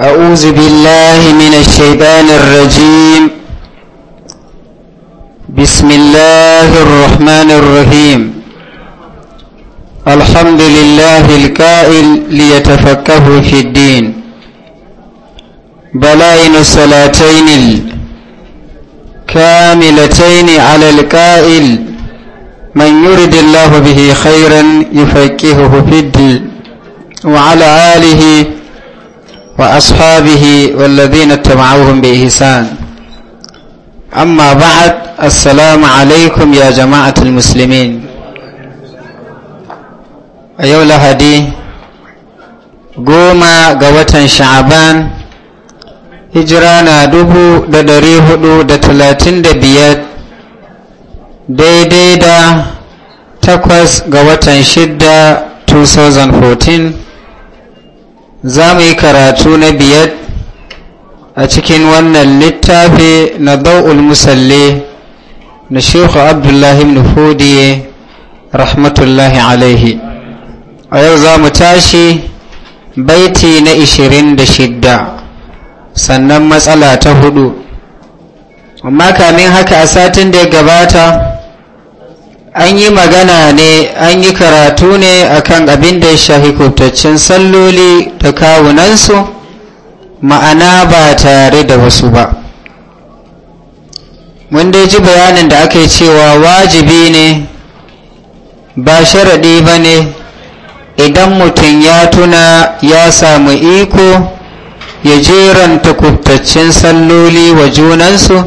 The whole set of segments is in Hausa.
أعوذ بالله من الشيطان الرجيم بسم الله الرحمن الرحيم الحمد لله الكائن ليتفكه في الدين بلائن الصلاتين كاملتين على الكائل من يرد الله به خيرا يفكهه في الدين وعلى آله Wa وأصحابه والذين اتبعوهم بإحسان أما بعد السلام عليكم يا جماعة المسلمين yau Lahadi, goma ga watan sha'aban hijira na dubu da dari hudu da talatin da biyar daidai da takwas ga watan shidda 2014 za mu yi karatu na biyar a cikin wannan littafi na dau'ul musalle na shekhu abdullahi nufodiye rahmatullahi alaihi a yau za mu tashi baiti na 26 sannan matsala ta hudu amma kamin haka a satin da ya gabata an yi magana ne an yi karatu ne akan abin da ya shafi kubtaccen salloli da kawunansu ma'ana ba tare da wasu ba mun dai ji bayanin da aka yi cewa wajibi ne ba sharaɗi ba ne idan mutum ya tuna ya samu iko ya jeranta kubtaccen salloli wa junansu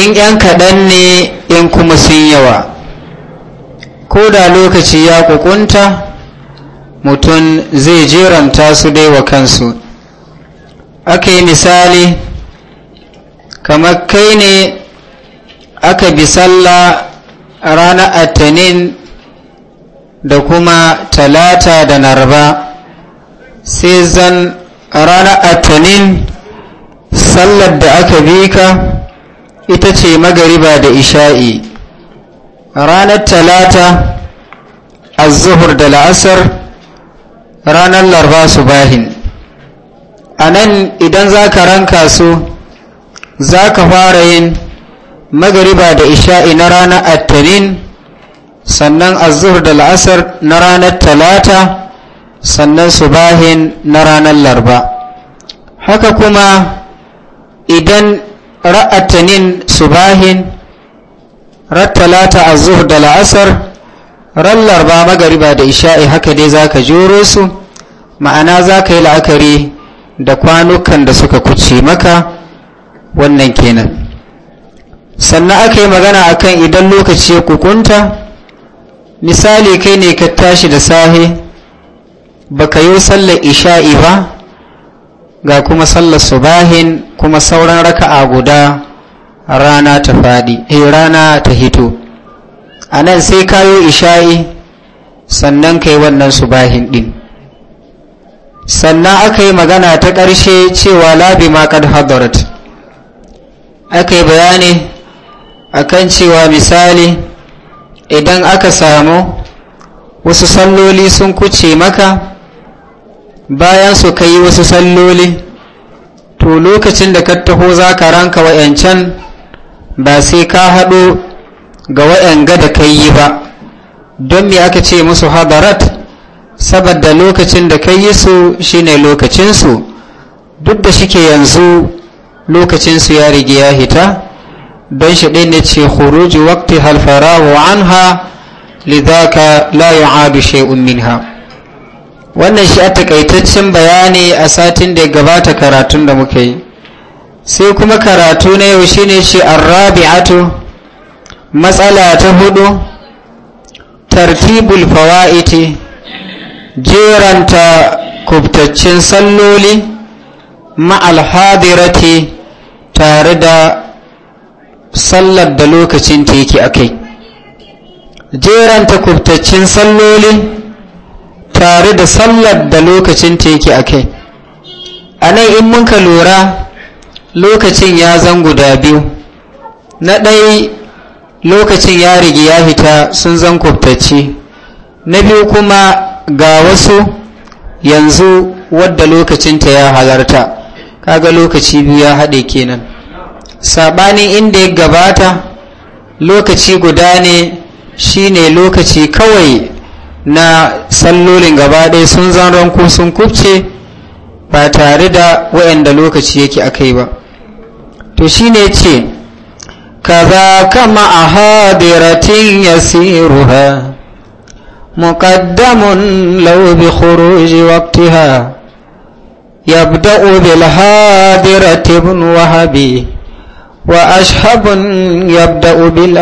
in 'yan kaɗan ne in kuma sun yawa ko da lokaci ya kukunta mutum zai jeranta su dai wa kansu aka yi misali kamar kai ne aka bi sallah ranar attanin da kuma talata da narba sai zan ranar attanin sallar da aka bi ka ita ce magariba da isha'i ranar talata azuhur da la'asar ranar larba subahin a nan idan za ka ranka su za ka fara yin magariba da isha'i na ranar attanin sannan azuhur da la'asar na ranar talata sannan subahin na ranar larba haka kuma idan ra'atanin subahin rattalata azuhur da la'asar rallar ba magariba da isha'i haka dai za ka joro su ma'ana za ka yi la'akari da kwanukan da suka kuce maka wannan kenan sannan aka yi magana akan idan lokaci ya kukunta misali kai ne ka tashi da sahe baka yi sallar isha'i ba ga kuma sallar subahin kuma sauran raka'a guda rana ta faɗi eh rana ta hito a nan sai kayo isha'i sannan kai wannan subahin ɗin sannan aka yi magana ta ƙarshe cewa labi maƙad hadarat aka yi bayani akan cewa misali idan aka samu wasu salloli sun kuce maka bayan su kai wasu salloli to lokacin da ka taho za ka ranka wa'yancan ba sai ka haɗo ga wa'yanga da ka yi ba don me aka ce musu hadarat saboda lokacin da ka yi su shine lokacinsu duk da shike yanzu lokacinsu ya rige ya hita don shi ɗin ya ce khuruji waqti halfarahu anha lidaka la yu'adu shay'un minha wannan shi a takaitaccen bayani a satin da gabata karatun da muka yi sai kuma karatu na yau shi ne shi rabi'atu matsala ta hudu tartibul fawa'iti jeranta kubtaccen salloli ma'al hadirati tare da sallar da lokacin teki a kai jeranta kubtaccen salloli tare da sallar da lokacin ta yake a kai a nan in muka lura lokacin ya zan guda biyu na ɗai lokacin ya rigi ya fita sun zan kubtacci na biyu kuma ga wasu yanzu wadda lokacinta ya halarta kaga lokaci biyu ya haɗe kenan saɓanin inda ya gabata lokaci guda ne shine lokaci kawai na sallolin gaba ɗaya sun zan ranku sun kubce ba tare da waɗanda lokaci yake a kai ba to shi ne ce kaza kama a hadiratin ya siru ha muƙaddamun laubi khuruji wakti ha ya buɗa obin hadiratin wahabi wa ashabin ya buɗa obin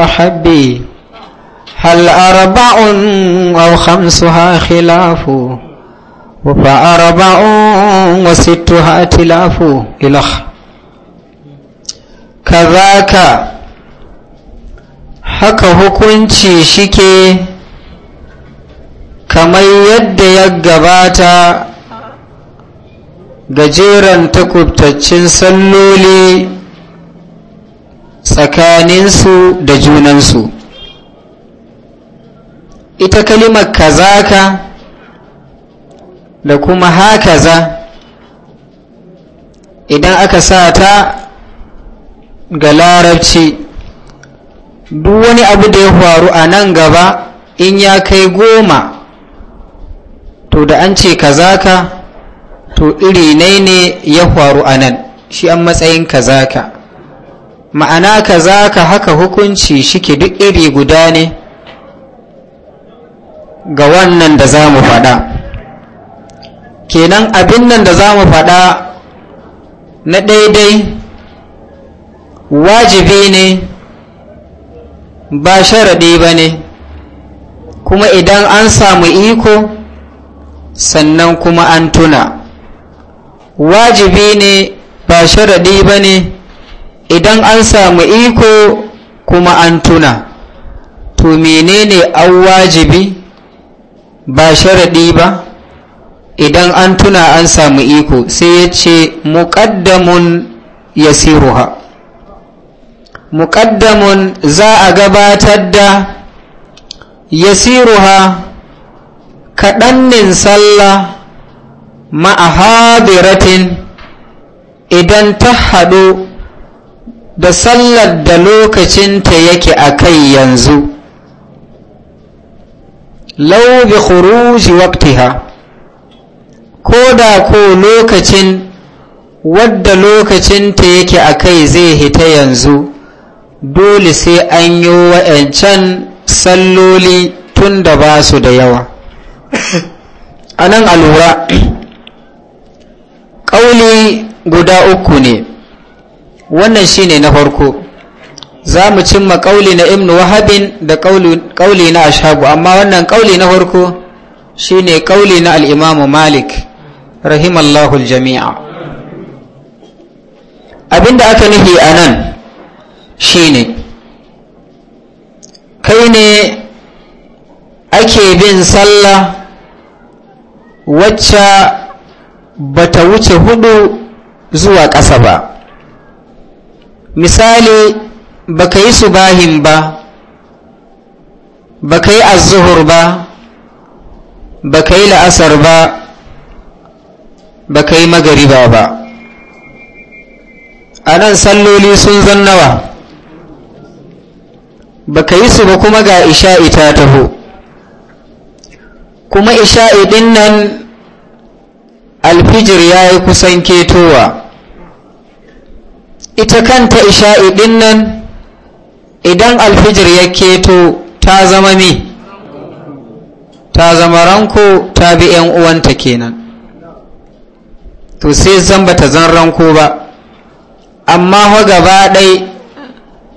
هل أربع أو خمسها خلاف فأربع وستها تلاف إلخ كذاك haka hukunci shike kamar yadda ya gabata gajeren takubtaccen salloli tsakaninsu da junansu ita kalimar kazaka da kuma hakaza idan aka sa ta ga larabci duk wani abu da ya faru a nan gaba in ya kai goma to da an ce kazaka to iri nai ne ya faru a nan shi an matsayin kazaka ma'ana kazaka haka hukunci shike duk iri guda ne ga wannan da za mu faɗa kenan abin nan da za mu faɗa na daidai wajibi ne ba sharaɗi ba ne kuma idan an samu iko sannan kuma an tuna wajibi ne ba sharaɗi ba ne idan an samu iko kuma an tuna to menene an wajibi ba sharaɗi ba idan an tuna an samu iko sai ya ce muƙaddamun ya ha? muƙaddamun za a gabatar da Ya yasiruha kaɗannin sallah ma'ahadiratin idan ta haɗu da sallar da lokacinta yake a kai yanzu laubi khuruji waqtiha ko da ko lokacin wadda lokacinta yake a kai zai hita yanzu dole sai an yi wa'ancan salloli tun da ba su da yawa a nan alura ƙauli guda uku ne wannan shine na farko za mu cimma ƙauli na imnu wahabin da ƙauli na ashabu amma wannan ƙauli na farko shine ƙauli na al'imamu malik rahimallahu jami'a abinda aka nufi a nan shine kai ne ake bin sallah wacce ba ta wuce hudu zuwa ƙasa ba misali ba ka yi subahin ba ba ka yi azuhur ba ba ka yi la'asar ba ba ka yi magariba ba a nan salloli sun zannawa ba ka yi su ba kuma ga isha'i ta taho kuma isha'i din nan alfijir ya yi kusan ketowa ita kanta isha'i din nan idan alfijir ya keto ta zama me ta zama ranko ta bi ‘yan uwanta kenan to sai zan bata ta zan ranko ba amma fa gaba ɗai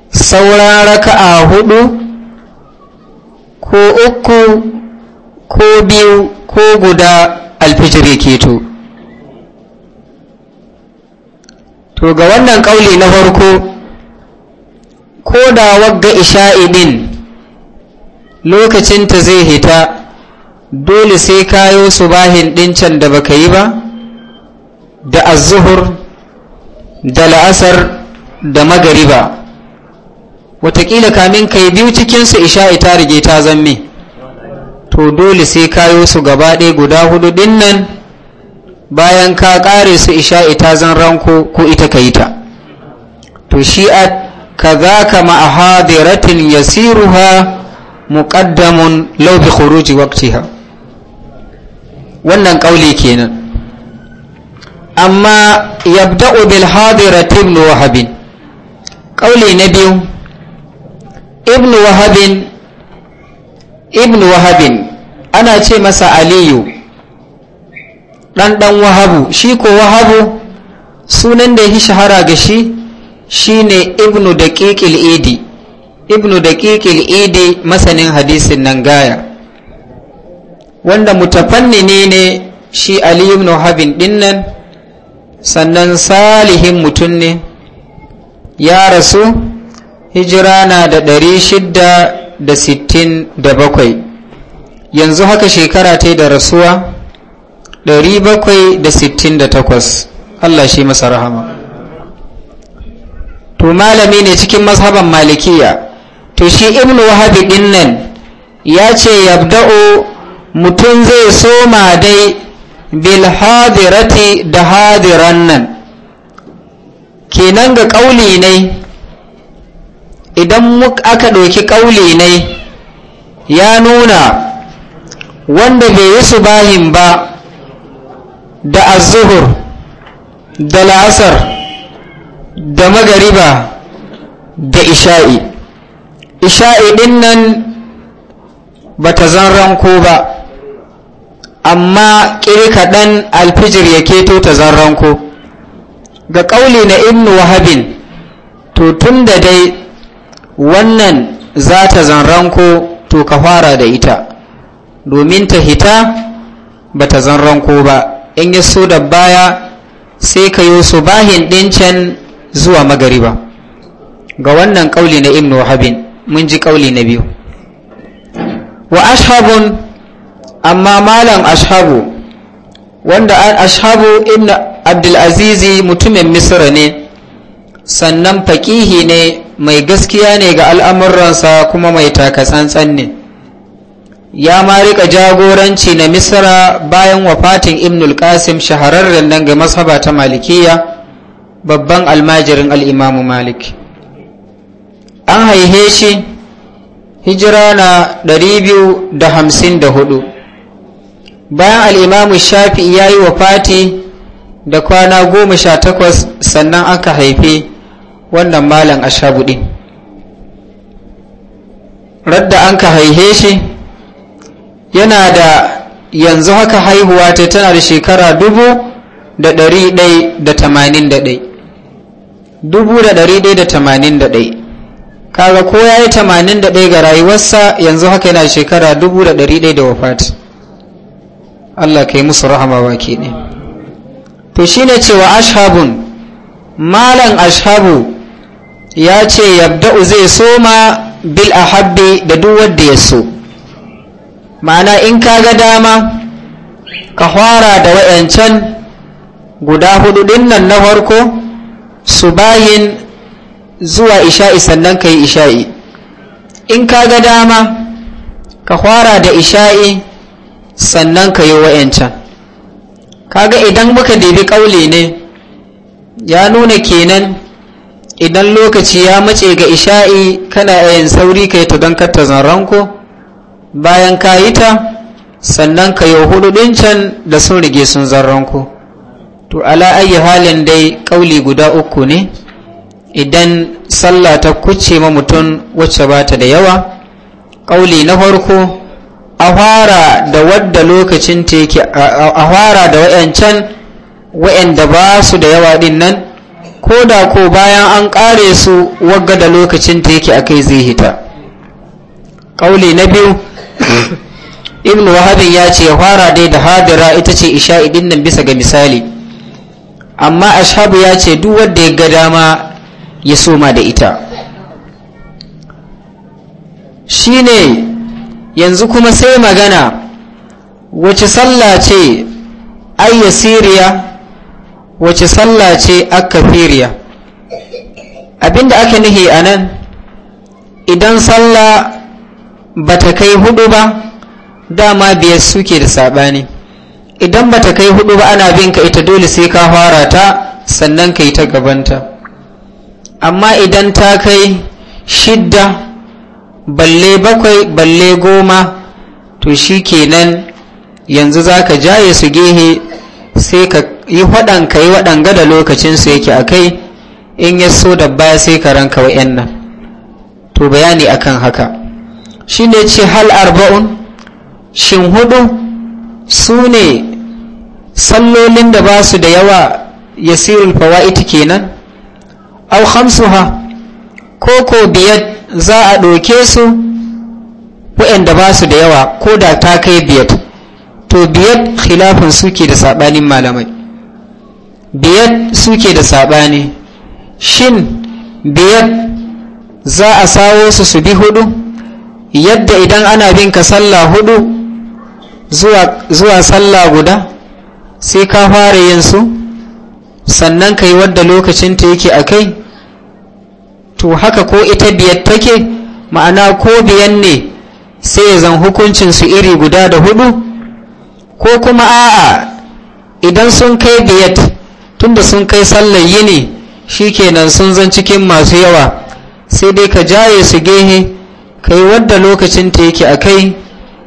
sauran raka'a hudu ko uku ko biyu ko guda alfijir ya keto to ga wannan ƙauli na farko ko da wagga isha'i din lokacinta zai hita dole sai kayo su din can da baka yi ba da azuhur da la'asar da magariba watakila kamin kai biyu cikinsu isha'i ta rige ta zanne to dole sai kayo su gaba ɗaya guda hudu din nan bayan ka ƙare su isha'i ta zan ranko ko ita ka yi ta to shi'a كذاك مع حاضرة يسيرها مقدم لو بخروج وقتها wannan ƙauli kenan amma yabda'u bil hadirati ibn wahabin. ƙauli na biyu ibn wahabin ibn wahabin ana ce masa aliyu Ɗanɗan wahabu shi ko wahabu sunan da ya shahara ga shi shine ibnu da ƙiƙil idi ibnu da ƙiƙil idi masanin hadisin nan gaya wanda mutafanni ne shi ali ibnu habin dinnan sannan salihin mutum ne ya rasu hijira na da ɗari shidda da sittin da bakwai yanzu haka shekara ta da rasuwa ɗari bakwai da sittin da takwas allah shi masa rahama to malami ne cikin mazhaban malikiya to shi ibnu wahabi din nan ya ce yabda'u mutum zai so ma dai bil hadirati da hadiran nan kenan ga kauli ne idan aka ɗauki kauli ne ya nuna wanda bai yi subahin ba da azuhur da la'asar da magariba da isha'i isha'i din nan ba ta zan ranko ba amma ƙiri kaɗan alfijir ya keto ta zan ranko ga ƙauli na ibnu wahabin to tun da dai wannan za ta zan ranko to ka fara da ita domin ta hita ba ta zan ranko ba in yi so da baya sai ka yi su bahin ɗin zuwa magariba ga wannan kauli na ibn wahabin mun ji kauli na biyu wa ashabun amma malam ashabu wanda ashabu ibn abdulazizi mutumin misra ne sannan faƙihi ne mai gaskiya ne ga al'amuransa kuma mai takatsantsan ne ya ma rika jagoranci na misra bayan wafatin al qasim shahararren nan ga masaba ta malikiyya babban almajirin al'imamu malik an haihe shi hijira na biyu da da hamsin hudu bayan al'imamu shafi ya yi wa fati da kwana goma sha takwas sannan aka haife wannan malam ashabuɗi radda an ka haihe shi yana da yanzu haka haihuwa ta tana da shekara dubu da ɗari ɗai da tamanin da ɗai 1181 kaga ko ya yi 81 ga rayuwarsa yanzu haka yana shekara 1100 da wafat Allah ka yi musu rahama ke ne to shi ne cewa ashabun malan ashabu ya ce yabda'u zai soma bil ahabbi da duk wanda ya so ma'ana in ka ga dama ka fara da wayancan guda hudu dinnan na farko Su bayin zuwa isha'i sannan ka yi isha'i in ka ga dama ka fara da isha'i sannan ka yi wa'yancan ga idan muka debi ƙaule ne ya nuna kenan idan lokaci ya mace ga isha'i kana yin sauri ka yi ta don bayan ka yi ta sannan ka yi hudu ɗin can da sun rige sun ranko. to ala ayi halin dai kauli guda uku ne idan sallah ta kuce ma mutum wacce ba ta da yawa kauli na farko a fara da wadda lokacin ta a fara da wayancan ba su da yawa din nan ko da ko bayan an kare su wagga da lokacin ta yake akai zai hita kauli na biyu ibnu wahabin ya ce fara dai da hadira ita ce isha'i din nan bisa ga misali amma ashabu ya ce duk wanda ya ga dama ya soma da ita shine yanzu kuma sai magana wace sallah ce ayyasiriya wace sallah ce akafiriya abinda aka nihi a nan idan sallah ba ta kai hudu ba dama biyar suke da saɓani idan bata kai hudu ba ana bin ka ita dole sai ka fara ta sannan ka yi ta gabanta amma idan ta kai shidda balle bakwai balle goma to shi kenan yanzu za ka jaye su gehe sai ka yi waɗan ka yi waɗanga da lokacinsu yake a kai in ya so da baya sai ka ranka wa'yan nan to bayani akan haka shi ne ce hal arba'un shin hudu su ne sallolin da ba su da yawa ya sirin fawa'iti kenan au ha. ko ko biyar za a ɗauke su waɗanda ba su da yawa ko da ta kai biyar to biyar khilafin suke da saɓanin malamai biyar suke da saɓani shin biyar za a sawo su su bi hudu yadda idan ana bin ka sallah hudu zuwa sallah guda sai ka fara yin su sannan ka yi wadda lokacinta yake a kai to haka ko ita biyar take ma'ana ko biyan ne sai ya zan hukuncinsu iri guda da hudu ko kuma a'a idan sun kai biyat tunda sun kai sallar yini shikenan sun zan cikin masu yawa sai dai ka jaye su gehe ka yi wadda lokacinta yake a kai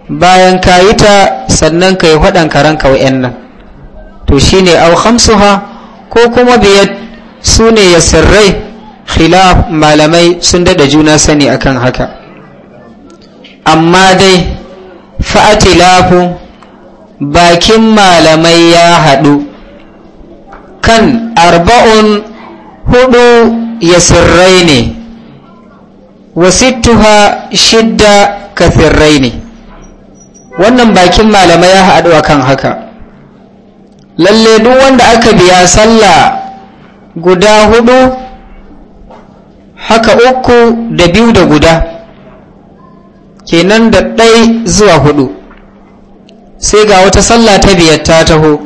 bayan ka yi ta sannan ka yi karen karan kau'yan nan to shi ne au ko kuma biyar su ne ya sirrai khilaf malamai sun daɗa juna sani akan haka amma dai fa'atilafu bakin malamai ya haɗu kan arba'un hudu ya sirrai ne wasittuha shidda ka sirrai ne wannan bakin malamai ya haɗu a kan haka lalle duk wanda aka biya sallah guda hudu haka uku da biyu da guda kenan da ɗai zuwa hudu sai ga wata sallah ta biyar ta taho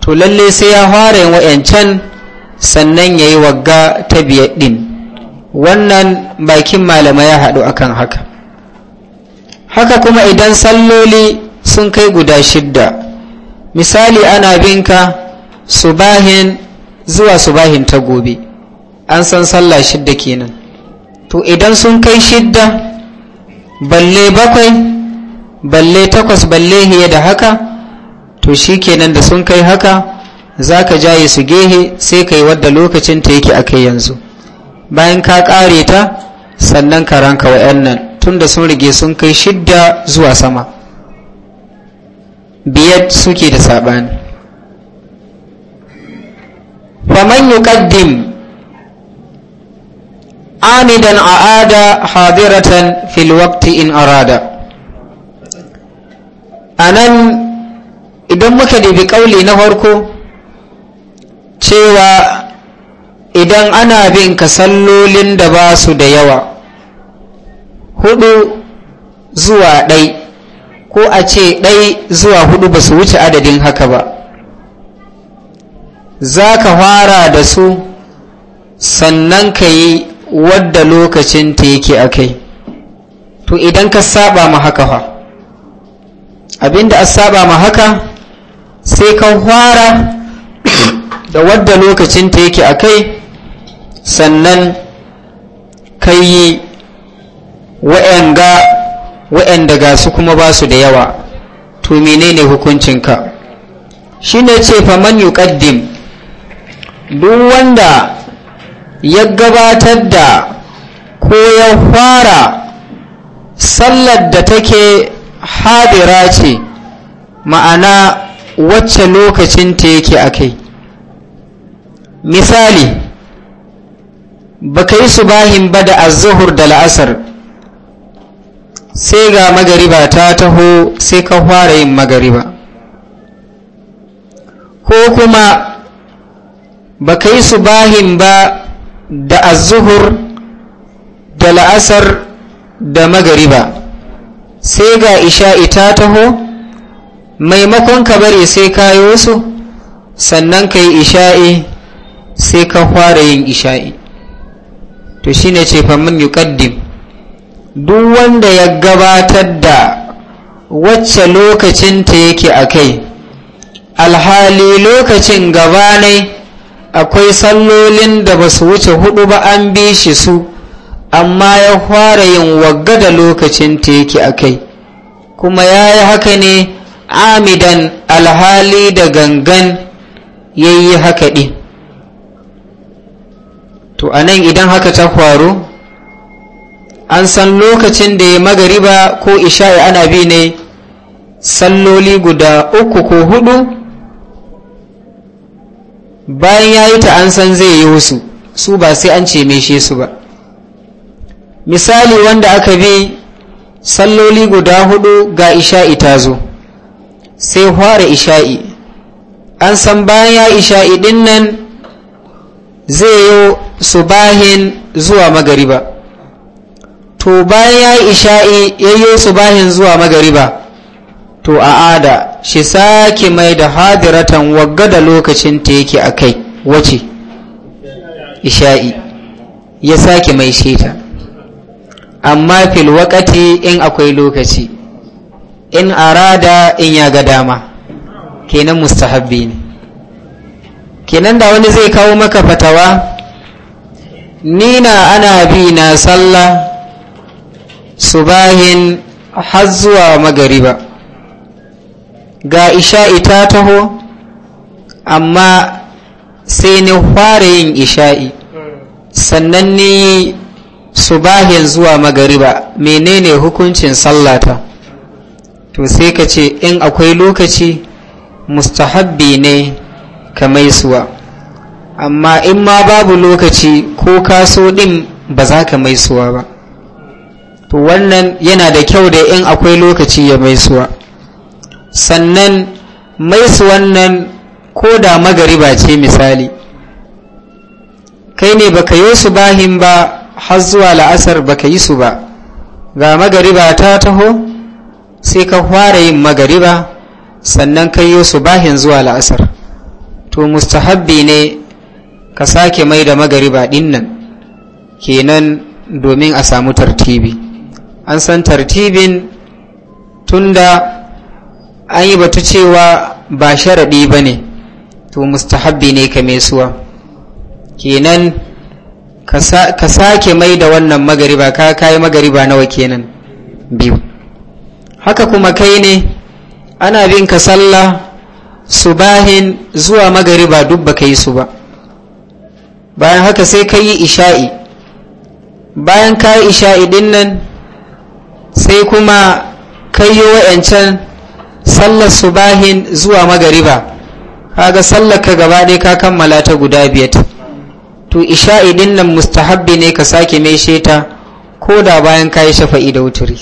to lalle sai ya fara yin wa'yancan sannan ya yi wagga ta biyar ɗin wannan bakin malamai ya haɗu akan haka haka kuma idan salloli sun kai guda shidda misali ana binka subahin zuwa subahin ta gobe an san sallah shidda kenan to idan sun kai shidda balle bakwai balle takwas balle hiye da haka to shi kenan da sun kai haka za ka jaye su gehe sai ka yi wadda lokacin ta yake a kai yanzu bayan ka ƙare ta sannan ka ranka wa'yan nan tun da sun rige sun kai shidda zuwa sama biyar suke da saɓani faman yuqaddim amidan a'ada hadiratan fil waqti in arada anan idan muka dubi kauli na farko cewa idan ana bin ka sallolin da ba su da yawa hudu zuwa ɗai ko a ce ɗai zuwa hudu ba su wuce adadin haka ba za ka fara da su sannan ka yi wadda lokacin ta yake a kai to idan ka saba ma haka fa abinda a saba ma haka sai ka fara da wadda lokacin ta yake a kai sannan ka yi waɗanda gasu ga su kuma ba su da yawa to menene hukuncinka shi ne ce faman yuqaddim duk wanda ya gabatar da ko ya fara sallar da take hadira ce ma'ana wacce lokacin ta yake a kai misali ba ka yi subahin ba da azuhur da la'asar sai ga magariba ta taho sai ka fara yin magariba ko kuma ba ka yi subahin ba da azuhur da la'asar da magariba sai ga isha'i ta taho maimakon ka bari sai ka yi wasu sannan ka yi isha'i sai ka fara yin isha'i to shine ce famin yukaddim duk wanda ya gabatar da wacce lokacinta yake a kai alhali lokacin gaba gabanai akwai sallolin da ba su wuce hudu ba an bi shi su amma ya fara yin wagga da lokacinta yake a kai kuma ya yi haka ne amidan alhali da gangan ya yi haka ɗin to anan idan haka ta faru an san lokacin da ya magariba ko isha'i ana bi ne salloli guda uku ko hudu bayan ya yi ta an san zai yi wasu su ba sai an ce meshe su ba misali wanda aka bi salloli guda hudu ga isha'i ta zo sai fara isha'i an san bayan ya isha'i dinnan zai yi su bahin zuwa magariba to bayan ya yi isha'i yayyo su bahin zuwa magariba to a ada shi sake mai da hadiratan wagga da lokacin ta yake a kai wace isha'i ya sake mai sheta amma fil in akwai lokaci in arada in ya ga dama kenan mustahabbi ne kenan da wani zai kawo maka fatawa nina ana bi na sallah subahin har zuwa magariba ga isha'i ta taho amma sai ni fara yin isha'i sannan ni subahin zuwa magariba menene hukuncin sallata to sai ka ce in akwai lokaci mustahabbi ne ka maisuwa amma in ma babu lokaci ko kaso din ba za ka maisuwa ba to wannan yana da kyau da in akwai lokaci ya maisuwa sannan maisu wannan ko da magariba ce misali kai ne baka yi su bahin ba har zuwa la'asar baka yi su ba ga magariba ta taho sai ka fara yin magariba sannan kai yi su bahin zuwa la'asar to mustahabbi ne ka sake mai da magariba dinnan kenan domin a samu tartibi an san tartibin tunda an yi batu cewa ba sharaɗi ba ne to mustahabbi ne ka mesuwa kenan ka sake mai da wannan magariba ka kayi magariba nawa kenan biyu haka kuma kai ne ana bin ka sallah subahin zuwa magariba duk ba yi su ba bayan haka sai ka yi isha'i bayan ka yi isha'i din nan sai kuma kayyo wa'yancan sallar subahin zuwa magariba ga sallar ka gaba ne ka kammala ta guda biyar to isha idin nan mustahabbi ne ka sake mai sheta ko da bayan ka yi shafa'i da wuturi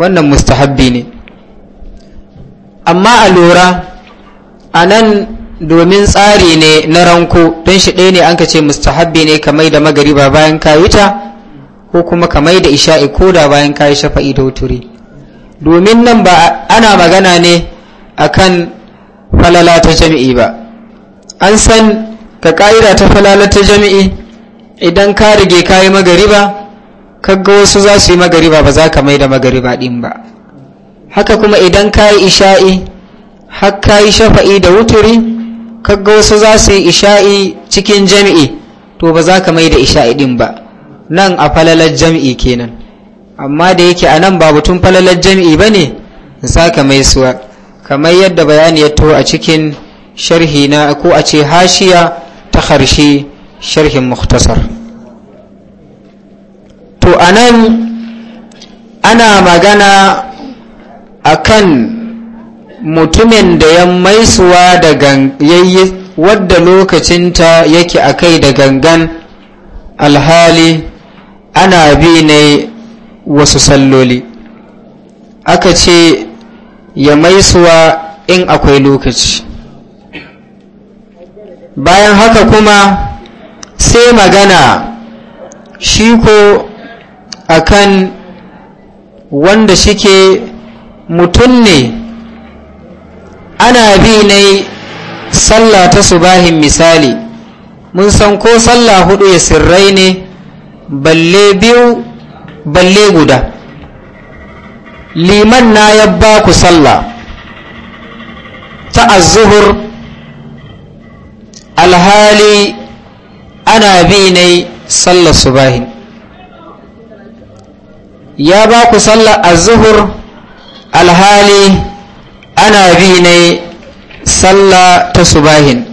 wannan mustahabbi ne amma a lura a nan domin tsari ne na ranko don shi ɗaya ne an ka ce mustahabbi ne ka mai da magariba bayan ka yi ta ko kuma ka mai da isha'i ko da bayan ka yi shafa'i da wuturi domin nan ba ana magana ne akan falala ta jami'i ba an san ka ƙa'ida ta falala ta jami'i idan ka rige ka yi magariba kaga wasu za su yi magariba ba za ka mai da magariba ɗin ba haka kuma idan ka yi isha'i har ka yi shafa'i da wuturi kaga wasu za su yi isha'i cikin jami'i to ba za ka mai da isha'i ɗin ba nan a falalar jam'i kenan amma da yake a nan ba batun falalar jam'i ba ne ka mai suwa kamar yadda bayani ya to a cikin sharhi na ko a ce hashiya ta harshe sharhin muktasar to a nan ana magana a kan mutumin da ya maisuwa da wadda lokacinta yake a kai da gangan alhali ana bi ne wasu salloli aka ce ya maisuwa in akwai lokaci bayan haka kuma sai magana shi ko akan wanda shike mutum ne ana bi ne sallah ta subahin misali mun san ko sallah hudu ya sirrai ne balle biyu balle guda liman na ya ba ku sallah ta azuhur alhali ana bi ne sallah subahi ya ba ku sallah azuhur alhali ana bi ne sallah ta subahin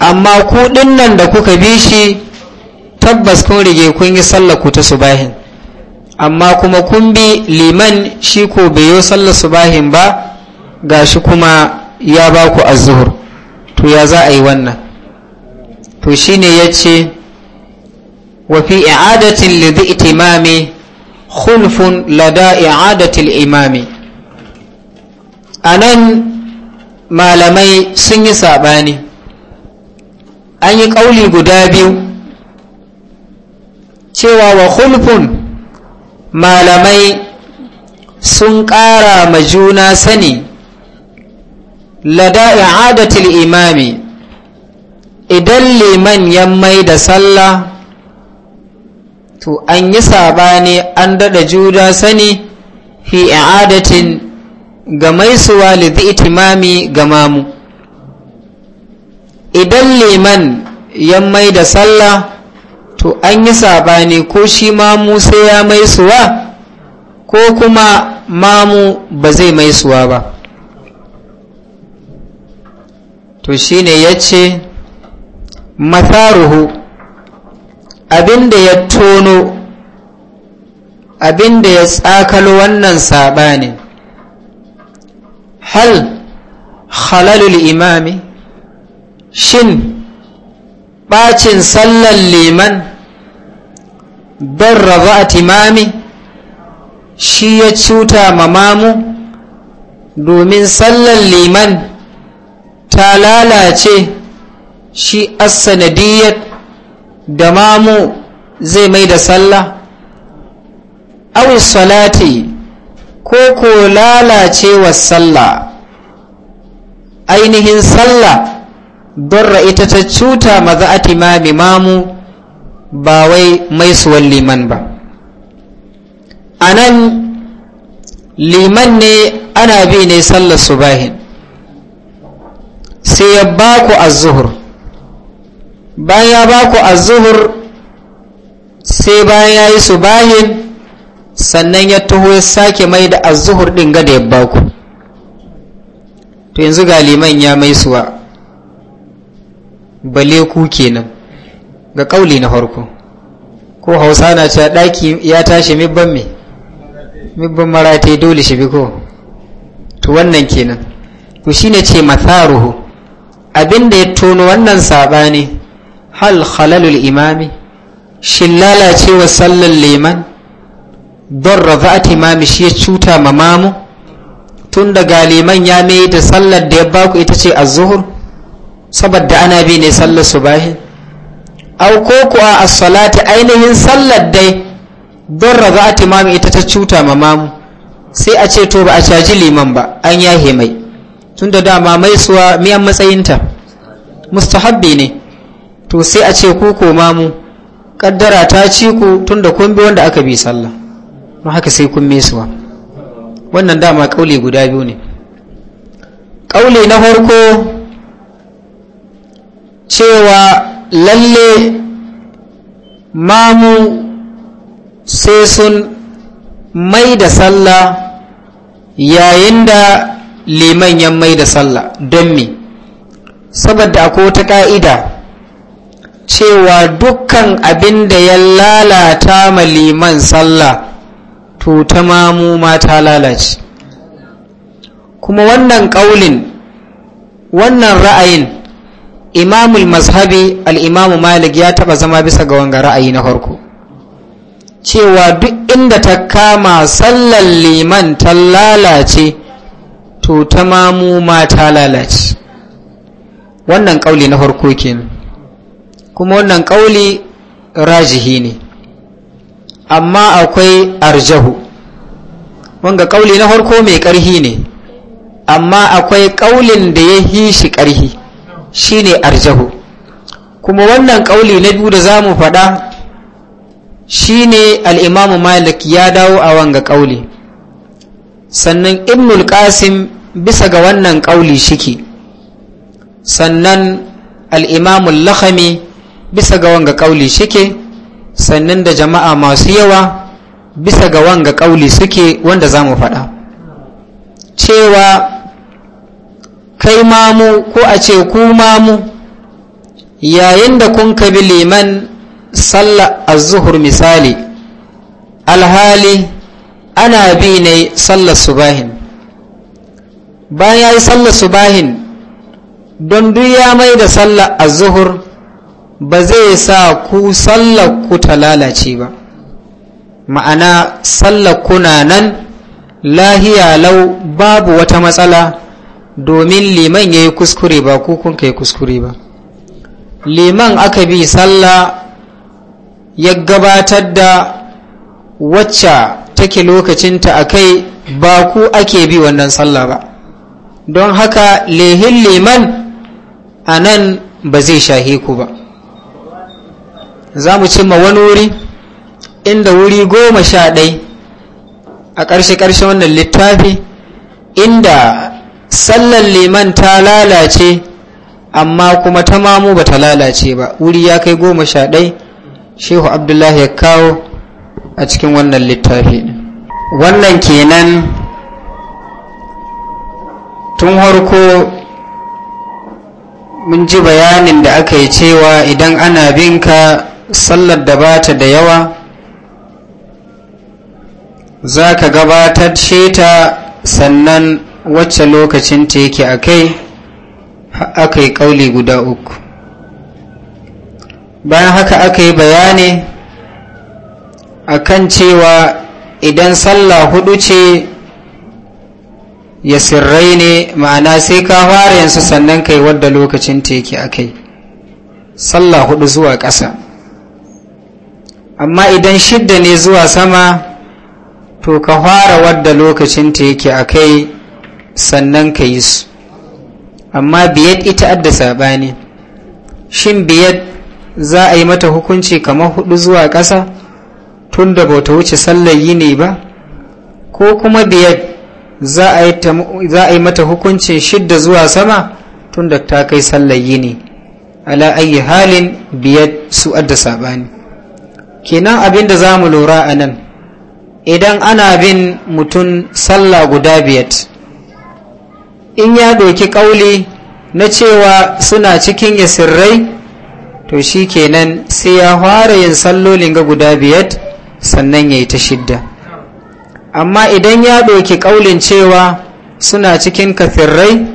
amma ku nan da kuka bi shi tabbas kun rige kun yi sallar ku ta subahin amma kuma kun bi liman shi ko bai yi sallar subahin ba ga shi kuma ya ba ku azuhur to ya za a yi wannan to shine ya ce wafi fi i'adatin lidhi itimami khulfun lada i'adatil imami anan malamai sun yi saɓani an yi ƙauli guda biyu cewa wa hulfun malamai sun ƙara ma juna sani lada i'adatul imami idan liman ya mai da sallah to an yi sabani an daɗa juna sani fi i'adatin ga maisuwa lidhi itimami ga mamu idan liman ya mai da sallah to an yi sabani ko shi mamu sai ya mai suwa, ko kuma mamu ba zai mai suwa ba to shi ne ya ce matharuhu abinda ya tono abinda ya tsakalo wannan ne. hal halalul imami shin ɓacin sallan liman barra za a timami shi ya cuta mamamu domin sallar liman ta lalace shi asanadiyar da mamu zai mai da sallah awis salati ko ko wa sallah ainihin sallah barra raita ta cuta maza a timami mamu ba wai mai maisuwan liman ba a nan liman ne ana bi ne sallar subahin sai ya baku azuhur bayan ya baku azuhur sai bayan ya yi subahin sannan ya taho ya sake mai da azuhur ɗin gada ya baku to yanzu ga liman ya mai maisuwa bale ku kenan ga ƙauli na farko ko hausa na cewa ɗaki ya tashi mibban me mibban marate dole shi bi ko to wannan kenan to ne ce matharuhu abinda ya tono wannan saɓani hal halalul imami shin lalacewa sallar leman don rafa'at imami shi ya cuta ma mamu tun daga leman ya mai da sallar da ya baku ita ce azuhur zuhur saboda ana bi ne sallar subahin au ko kuwa a salati ainihin sallar dai don raza a timami ita ta cuta ma mamu sai a ce to ba a caji liman ba an yahe mai tun da dama mai suwa miyan matsayinta mustahabbi ne to sai a ce ku ko mamu kaddara ta ci ku tun da kun bi wanda aka bi sallah ma haka sai kun mai suwa wannan dama kauli guda biyu ne kauli na farko cewa lalle mamu sai sun mai da sallah yayin da liman ya mai da sallah don me saboda akwai wata ƙa'ida cewa dukkan abin da ya lalata ma liman sallah to ta mamu ma ta lalace kuma wannan ƙaunin, wannan ra'ayin imamul mazhabi al'imamu malik ya taba zama bisa ga wanga ra'ayi na farko cewa duk inda ta kama sallar liman ta lalace to ta mamu ma ta lalace wannan ƙauli na farko kenan kuma wannan ƙauli rajihi ne amma akwai arjahu wanga ƙauli na farko mai ƙarhi ne amma akwai ƙaulin da ya hi shi ƙarhi shine arjahu kuma wannan kauli na biyu da za mu faɗa shine al'imamu malik ya dawo a wanga kauli sannan ibnul qasim bisa ga wannan kauli shiki sannan al'imamu lahami bisa ga wanga kauli shike sannan da jama'a masu yawa bisa ga wanga kauli suke wanda za mu faɗa cewa kai mamu ko a ce ku mamu yayin da kun bi liman sallar azuhur misali alhali ana bi ne sallar subahin bayan ya yi sallar subahin don duk ya mai da sallar azuhur ba zai sa ku sallar ku ta lalace ba ma'ana sallar kuna nan lahiya lau babu wata matsala domin liman ya yi kuskure ba kun ka yi kuskure ba liman aka bi sallah ya gabatar da wacce take lokacinta a kai ba ku ake bi wannan sallah ba don haka lehin liman a nan ba zai shahe ku ba za mu cimma wani wuri inda wuri goma sha ɗai a ƙarshe-ƙarshe wannan littafi inda sallar liman ta lalace amma kuma ta mamu ba ta lalace ba wuri ya kai goma sha ɗai shehu abdullahi ya kawo a cikin wannan littafi wannan kenan tun harko mun ji bayanin da aka yi cewa idan ana binka sallar da bata da yawa za ka gabatar sheta sannan wacce lokacin ta yake a kai aka yi ƙauli guda uku bayan haka aka yi bayani a kan cewa idan sallah hudu ce ya sirrai ne ma'ana sai ka fara yansu sannan kai wadda lokacin ta yake a kai sallah hudu zuwa ƙasa amma idan shidda ne zuwa sama to ka fara wadda lokacin ta yake a kai sannan ka yi su amma biyar ita adda ne. shin biyar za a yi mata hukunci kamar hudu zuwa ƙasa tun da bauta wuce sallar yi ne ba ko kuma biyar za a yi mata hukuncin shidda zuwa sama tun da ta kai sallar yi ne ala ayi halin biyar su adda ne. kenan abin da za mu lura a nan idan ana bin mutum sallah guda biyar in ya doki ƙauli na cewa suna cikin yasirrai to shi kenan sai ya fara yin sallolin ga guda biyar sannan ya yi ta shidda amma idan ya doki ƙaulin cewa suna cikin kafirrai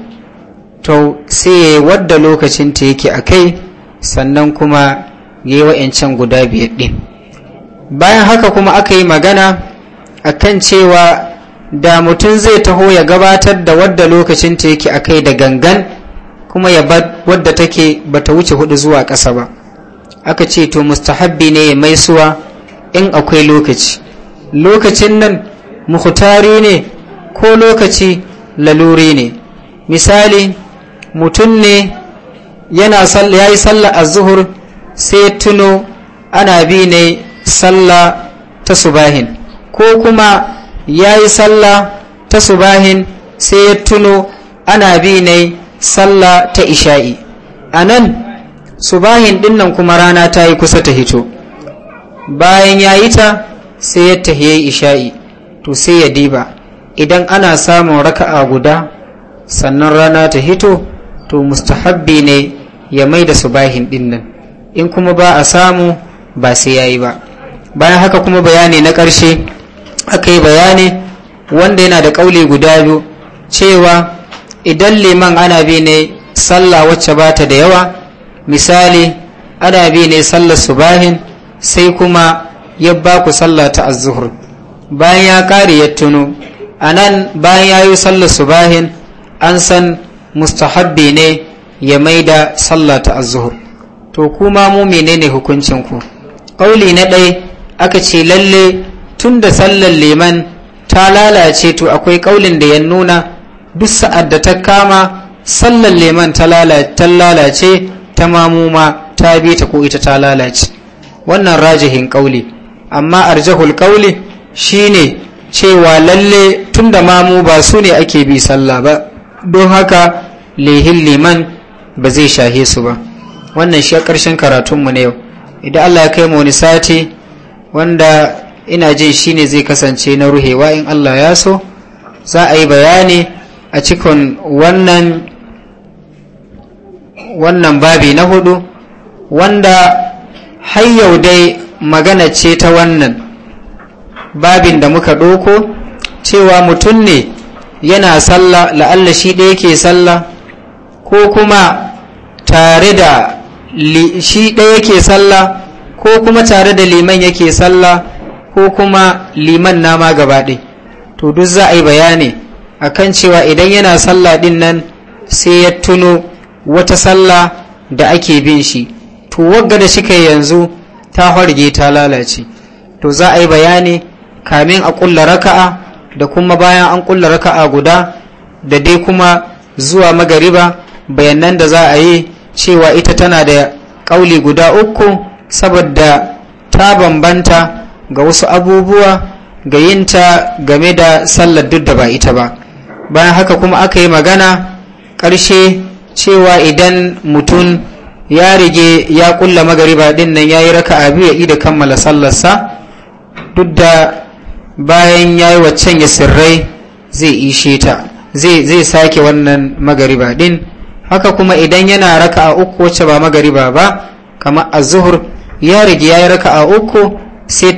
to sai ya yi wadda lokacin ta yake a kai sannan kuma ya yi wa'yancan guda biyar ɗin bayan haka kuma aka yi magana a kan cewa da mutum zai taho ya gabatar da wadda lokacin ta yake kai da gangan kuma ya bar wadda take ta wuce hudu zuwa ƙasa ba aka ce to mustahabbi ne ya suwa, in akwai lokaci lokacin nan muhtari ne ko lokaci laluri ne misali mutum ne yana ya yi sallah azuhur sai tuno ana bi ne sallah ta subahin ko kuma ya yi sallah ta subahin sai ya tuno ana bi ne sallah ta isha'i a nan subahin dinnan kuma rana ta yi kusa ta hito bayan ya yi ta sai ya tahiye isha'i to sai ya diba idan ana samun raka'a guda sannan rana ta hito to mustahabbi ne ya mai da subahin dinnan in kuma ba a samu ba sai ya yi ba bayan haka kuma bayani na ƙarshe aka yi bayani wanda yana da kauli guda biyu cewa idan liman ana bi ne sallah wacce ba ta da yawa misali ana bi ne sallar subahin sai kuma ya ba ku sallah ta azuhur bayan ya kare ya tuno a nan bayan ya yi sallar subahin an san mustahabbi ne ya maida sallah ta azuhur to kuma mu menene ku kauli na ɗaya aka ce lalle tun da sallar liman ta lalace to akwai ƙaulin da ya nuna duk sa'ad da ta kama sallar leman ta lalace ta mamuma ta bi ta ko ita ta lalace wannan rajihin ƙauli amma arjahul ƙauli shine cewa lalle tun da mamu ba su ne ake bi sallah ba don haka lehin leman ba zai shahe su ba wannan shi a ƙarshen karatunmu na yau idan allah ya kai mu wani sati wanda ina jin shine zai kasance na ruhewa in Allah ya so za a yi bayani a cikin wannan wannan babi na hudu wanda har yau dai magana ce ta wannan babin da muka doko cewa mutum ne yana sallah la'alla shi ɗaya ke sallah ko kuma tare da shi ɗaya ke sallah ko kuma tare da liman yake sallah ko kuma liman nama gaba ɗin to duk za a yi bayani a kan cewa idan yana sallah ɗin nan sai ya tuno wata sallah da ake bin shi to wagga da shi kai yanzu ta harge ta lalace to za a yi bayani kamin a ƙulla raka'a da kuma bayan an ƙulla raka'a guda da dai kuma zuwa magariba bayanan da za a yi cewa ita tana da ƙauli guda uku saboda ta bambanta ga wasu abubuwa ga yinta game da sallar duk da ba ita ba bayan haka kuma aka yi magana ƙarshe cewa idan mutum ya rige ya kulla magariba din nan ya yi raka abu ya ida kammala sallarsa duk da bayan ya yi waccan ya sirrai zai ishe ta zai sake wannan magariba din haka kuma idan yana raka a uku wacce ba magariba ba kamar a zuhur ya rige ya yi raka a uku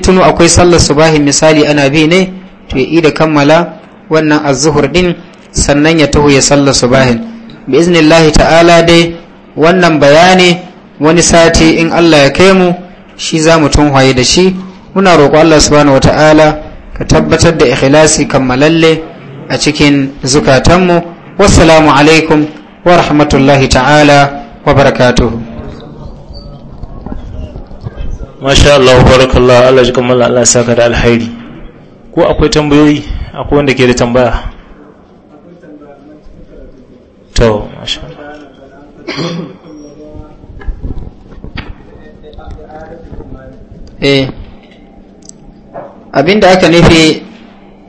tuno akwai sallar subahi misali ana bi ne to ya ida kammala wannan azuhur din sannan ya taho ya sallar subahin bi iznillahi ta'ala dai wannan bayani wani sati in Allah ya kai mu shi za mu tunhaye da shi muna roƙo Allah subhanahu wata'ala ka tabbatar da ikhlasi kammalalle a cikin zukatanmu wassalamu alaikum wa rahmatullahi ta'ala wa barakatuhu masha Allah barakallah Allah ji kammala Allah saka da alhairi ko akwai tambayoyi akwai wanda ke da tambaya to masha eh abinda aka nufi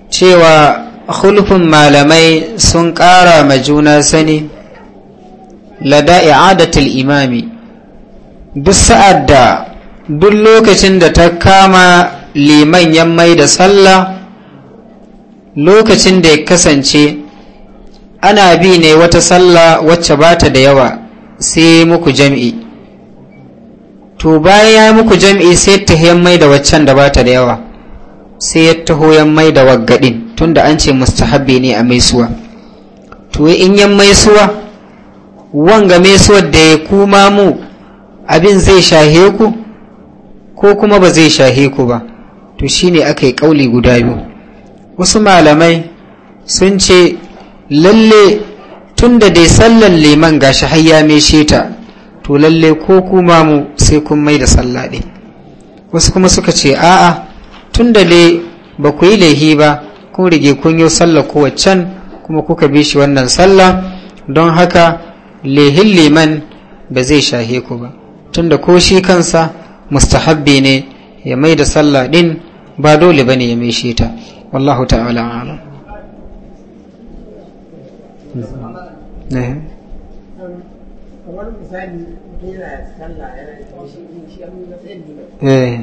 cewa khulfin malamai sun ƙara ma juna sani lada i'adatul imami duk sa'ad da duk lokacin da ta kama liman ya mai da sallah lokacin da ya kasance ana bi ne wata sallah wacce ba ta da yawa sai muku jam'i to bayan ya muku jam'i sai ta mai da waccan da ba ta da yawa sai ya taho ya mai da waggadin tunda an ce mustahabbi ne a maisuwa to in yan maisuwa wanga maisuwar da ya kuma mu abin zai shahe ku ko kuma ba zai shahe ku ba to shine aka yi ƙauli guda biyu wasu malamai sun ce lalle tun da dai sallan liman gashi har ya sheta ta to lalle ko kuma mu sai kun mai da sallah wasu kuma suka ce a'a tun da dai ba ku yi laihi ba kun rige kun yi sallah ko waccan kuma kuka bi shi wannan sallah don haka lehin liman ba zai shahe ku ba tun da ko shi kansa mustahabbi ne ya mai da sallah din ba dole bane ya mai shi ta wallahu ta'ala alam ne kamar misali a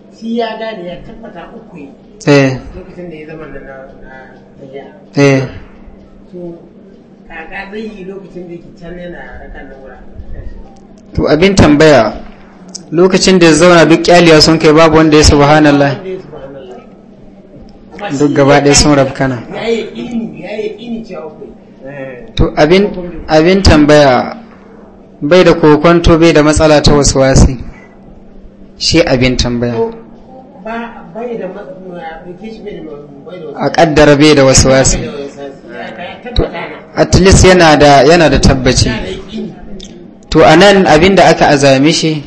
shi ya eh. da ya to abin tambaya lokacin da ya zauna duk kyaliya sun kai babu wanda ya subhanallah duk gaba ɗaya sun rafkana to abin tambaya bai da kokonto bai da matsala ta wasu wasi shi abin tambaya a kaddara bai da wasu wasu at least yana da yana da tabbaci to anan abin da aka azami shi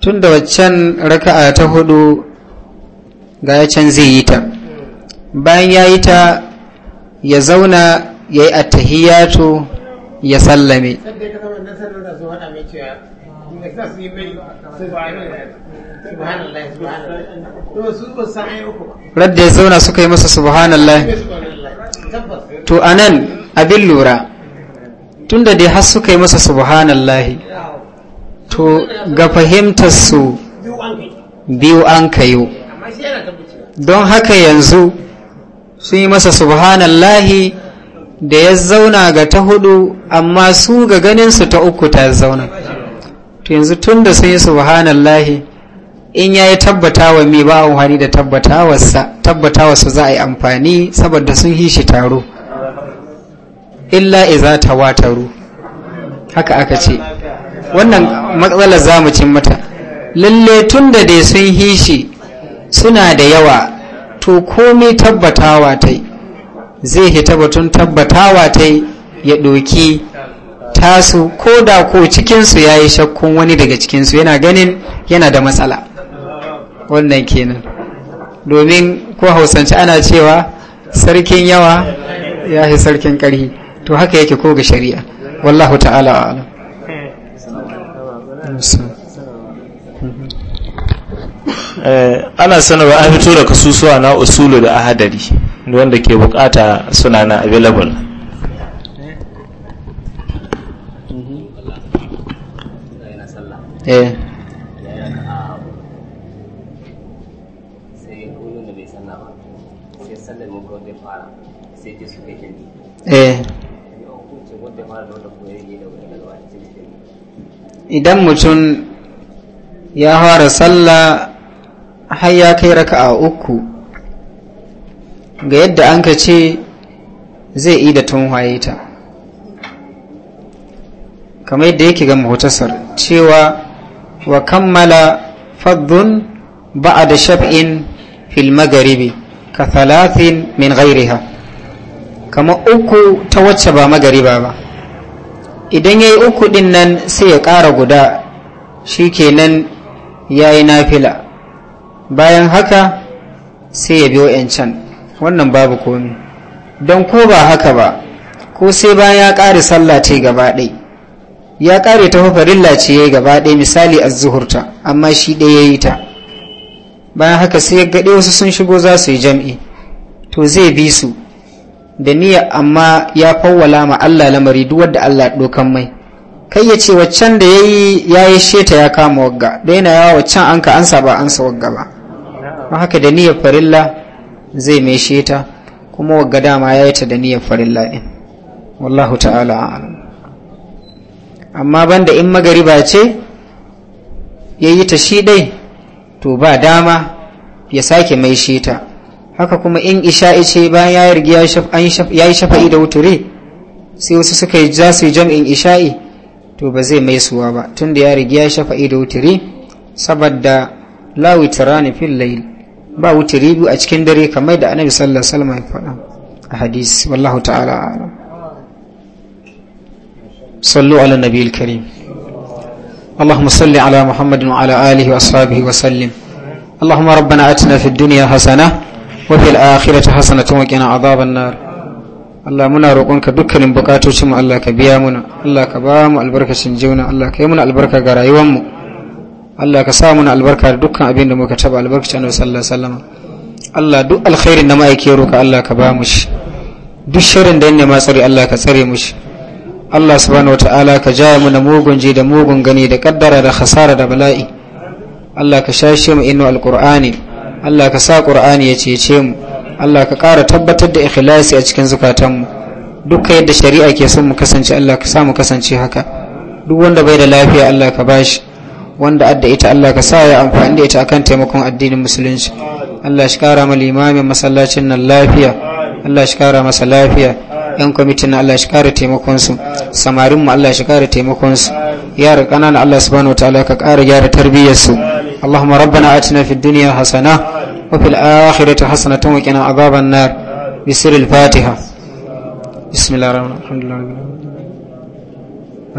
tun da waccan raka'a ta hudu ga ya can zai yi ta bayan ya yi ta ya zauna ya yi attahiyatu ya sallame radda ya zauna suka yi masa subhanallah to anan abin lura tunda dai har suka yi masa subhanallah to ga fahimtar su biyu an kayo don haka yanzu sun yi masa subhanallah da ya zauna ga ta hudu amma su ga ganinsu ta uku ta zauna to yanzu tun da sun yi subhanallahi in ya yi tabbatawa mai ba amfani da wasu za a yi amfani saboda sun yi shi taro illa iza ta wataru haka aka ce wannan matsalar zamucin mata lalle tun da dai sun yi shi suna da yawa to komai tabbatawa ta zai hita batun tabbatawa ta ya ɗoki tasu ko da ko cikinsu ya yi shakkun wani daga cikinsu yana ganin yana da matsala wannan kenan domin ko hausance ana cewa sarkin yawa ya yi sarkin ƙarhi to haka yake ko ga shari'a wallahu ta'ala ala eh, ana sanarwa a fito da kasusuwa na usulu da ahadari wanda ke bukata suna na available Eh. Eh. idan mutum ya fara sallah har ya kai a uku ga yadda an ka ce zai yi da tunwaye ta kamar yadda yake ga mahotasar cewa wa kammala faddun da shab'in fil magharibi ka thalathin min ha, kama uku ta wacce ba magariba ba idan yayi uku din nan sai ya ƙara guda shi ya yayi nafila bayan haka sai ya biyo can wannan babu komi don ko ba haka ba ko sai bayan ya ƙari sallah ta gaba ya kare ta farilla ce yayi gaba ɗaya misali az-zuhurta amma shi ɗaya yayi ta bayan haka sai ya gaɗe wasu sun shigo za su yi jam'i to zai bi su da niyya amma ya fawwala ma Allah lamari duk wanda Allah dokan mai kai ya ce waccan da yayi yayi sheta ya kama wagga da yana yawa waccan an ka ansa ba ansa wagga ba don haka da niyyar farilla zai mai sheta kuma wagga dama yayi ta da niyyar farilla din wallahu ta'ala a'lam amma banda in magariba ce ya yi ta shi ɗai to ba dama ya sake mai shi ta haka kuma in isha'i ce bayan ya yargi ya yi shafa'i da wuturi sai wasu suka yi za su yi jam'in isha'i to ba zai mai suwa ba tunda ya riga ya shafa'i da wuturi saboda la witrani fil layl ba wuturi biyu a cikin dare kamar da annabi sallallahu alaihi wasallam ya faɗa a hadisi wallahu ta'ala a'lam صلوا على النبي الكريم اللهم صل على محمد وعلى آله وأصحابه وسلم اللهم ربنا أتنا في الدنيا حسنة وفي الآخرة حسنة وقنا عذاب النار muka taba albarkacin Annabi sallallahu alaihi wasallam duk alkhairin da ma'aike tsare Allah subhanahu wata'ala ka ja mu da mugun ji da mugun gani da kaddara da khasara da bala'i Allah ka shashe mu inu alqur'ani Allah ka sa qur'ani ya cece mu Allah ka ƙara tabbatar da ikhlasi a cikin zukatanmu duka yadda shari'a ke son mu kasance Allah ka sa mu kasance haka duk wanda bai da lafiya Allah ka bashi wanda adda ita Allah ka sa ya amfani da ita akan taimakon addinin musulunci Allah shi kara ma limamin masallacin nan lafiya Allah shi kara masa lafiya yan kwamitin Allah shi kara taimakon su samarin mu Allah shi kara taimakon su yara kanana Allah subhanahu wataala ka kara gyara tarbiyyar su Allahumma rabbana atina fid dunya hasana wa fil akhirati hasanatan wa qina adhaban nar bisiril fatiha bismillahir rahmanir